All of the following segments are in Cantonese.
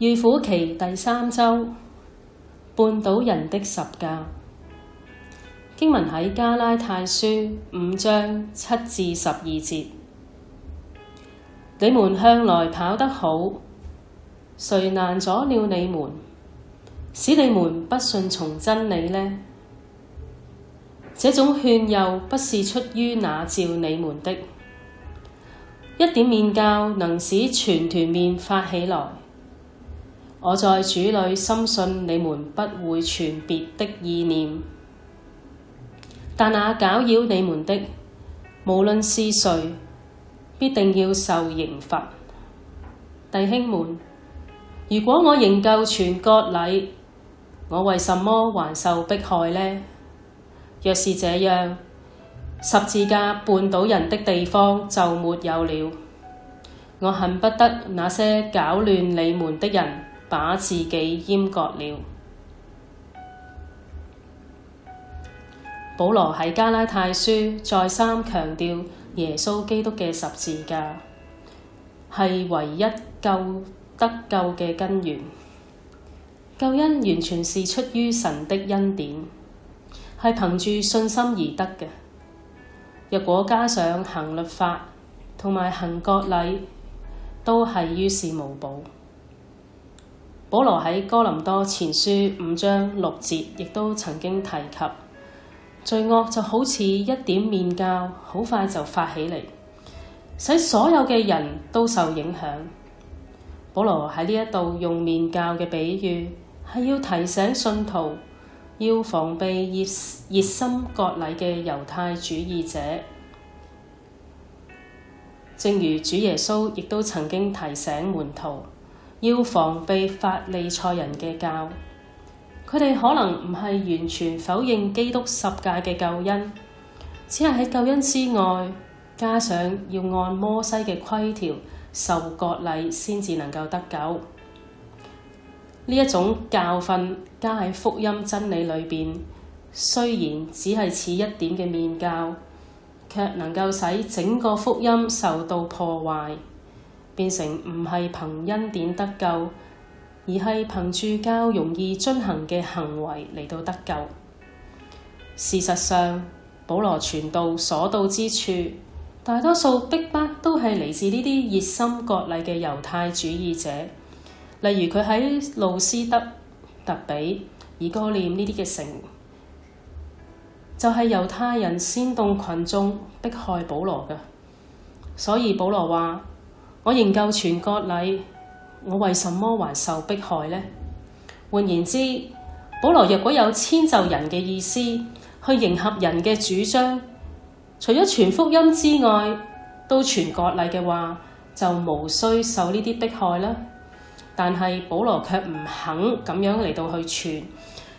預苦期第三周，絆倒人的十架經文喺加拉太書五章七至十二節。你們向來跑得好，誰難阻了你們，使你們不順從真理呢？這種勸誘不是出於那召你們的，一點麵酵能使全團麵發起來。我在主裡深信你們不會存別的意念，但那攪擾你們的，無論是誰，必定要受刑罰。弟兄們，如果我仍舊傳割禮，我為什麼還受迫害呢？若是這樣，十字架絆倒人的地方就沒有了。我恨不得那些攪亂你們的人，把自己閹割了。保羅喺加拉太書再三強調，耶穌基督嘅十字架係唯一救得救嘅根源。救恩完全是出於神的恩典，係憑住信心而得嘅。若果加上行律法同埋行割禮，都係於事無補。保羅喺哥林多前書五章六節亦都曾經提及，罪惡就好似一點麵酵，好快就發起嚟，使所有嘅人都受影響。保羅喺呢一度用麵酵嘅比喻，係要提醒信徒要防備熱熱心割禮嘅猶太主義者，正如主耶穌亦都曾經提醒門徒。要防備法利賽人嘅酵，佢哋可能唔係完全否認基督十架嘅救恩，只係喺救恩之外加上要按摩西嘅規條受割禮先至能夠得救。呢一種教訓加喺福音真理裏邊，雖然只係似一點嘅麵酵，卻能夠使整個福音受到破壞。變成唔係憑恩典得救，而係憑住較容易遵行嘅行為嚟到得救。事實上，保羅傳道所到之處，大多數逼迫都係嚟自呢啲熱心割禮嘅猶太主義者，例如佢喺路斯德、特比、以哥念呢啲嘅城，就係猶太人煽動群眾逼害保羅嘅。所以保羅話，我仍舊傳割禮，我為什麼還受迫害呢？換言之，保羅若果有遷就人嘅意思，去迎合人嘅主張，除咗傳福音之外，都傳割禮嘅話，就無需受呢啲迫害啦。但係保羅卻唔肯咁樣嚟到去傳，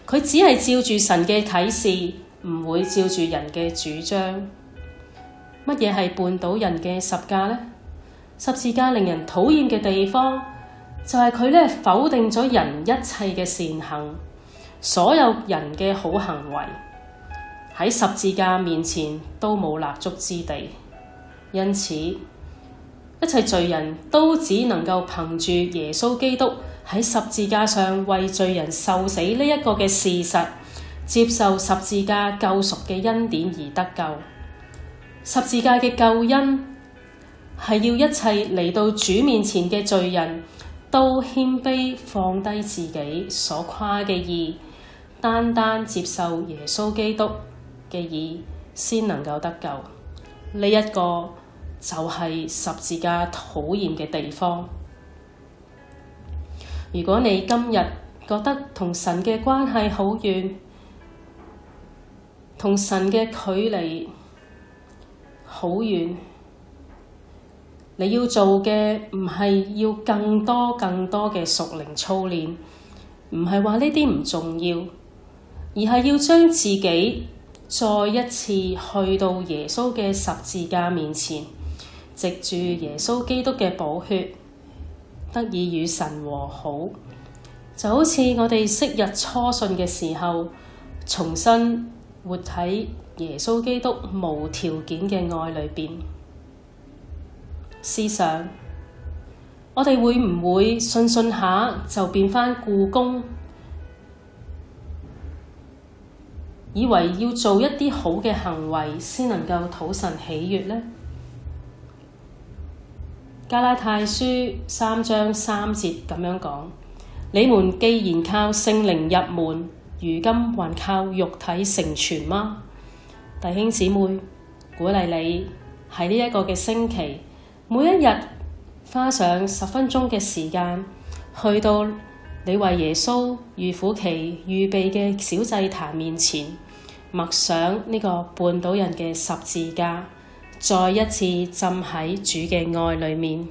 佢只係照住神嘅啟示，唔會照住人嘅主張。乜嘢係絆倒人嘅十架呢？十字架令人討厭嘅地方，就係佢咧否定咗人一切嘅善行，所有人嘅好行為喺十字架面前都冇立足之地。因此，一切罪人都只能夠憑住耶穌基督喺十字架上為罪人受死呢一個嘅事實，接受十字架救贖嘅恩典而得救。十字架嘅救恩。係要一切嚟到主面前嘅罪人都謙卑放低自己所誇嘅意，單單接受耶穌基督嘅意，先能夠得救。呢、這、一個就係十字架討厭嘅地方。如果你今日覺得同神嘅關係好遠，同神嘅距離好遠。你要做嘅唔係要更多更多嘅屬靈操練，唔係話呢啲唔重要，而係要將自己再一次去到耶穌嘅十字架面前，藉住耶穌基督嘅寶血，得以與神和好，就好似我哋昔日初信嘅時候，重新活喺耶穌基督無條件嘅愛裏邊。思想，我哋會唔會信信下就變返故宮？以為要做一啲好嘅行為先能夠討神喜悅呢？加拉太書三章三節咁樣講：你們既然靠聖靈入門，如今還靠肉體成全嗎？弟兄姊妹，鼓勵你喺呢一個嘅星期。每一日花上十分鐘嘅時間，去到你為耶穌預苦期預備嘅小祭壇面前，默想呢個絆倒人嘅十字架，再一次浸喺主嘅愛裏面。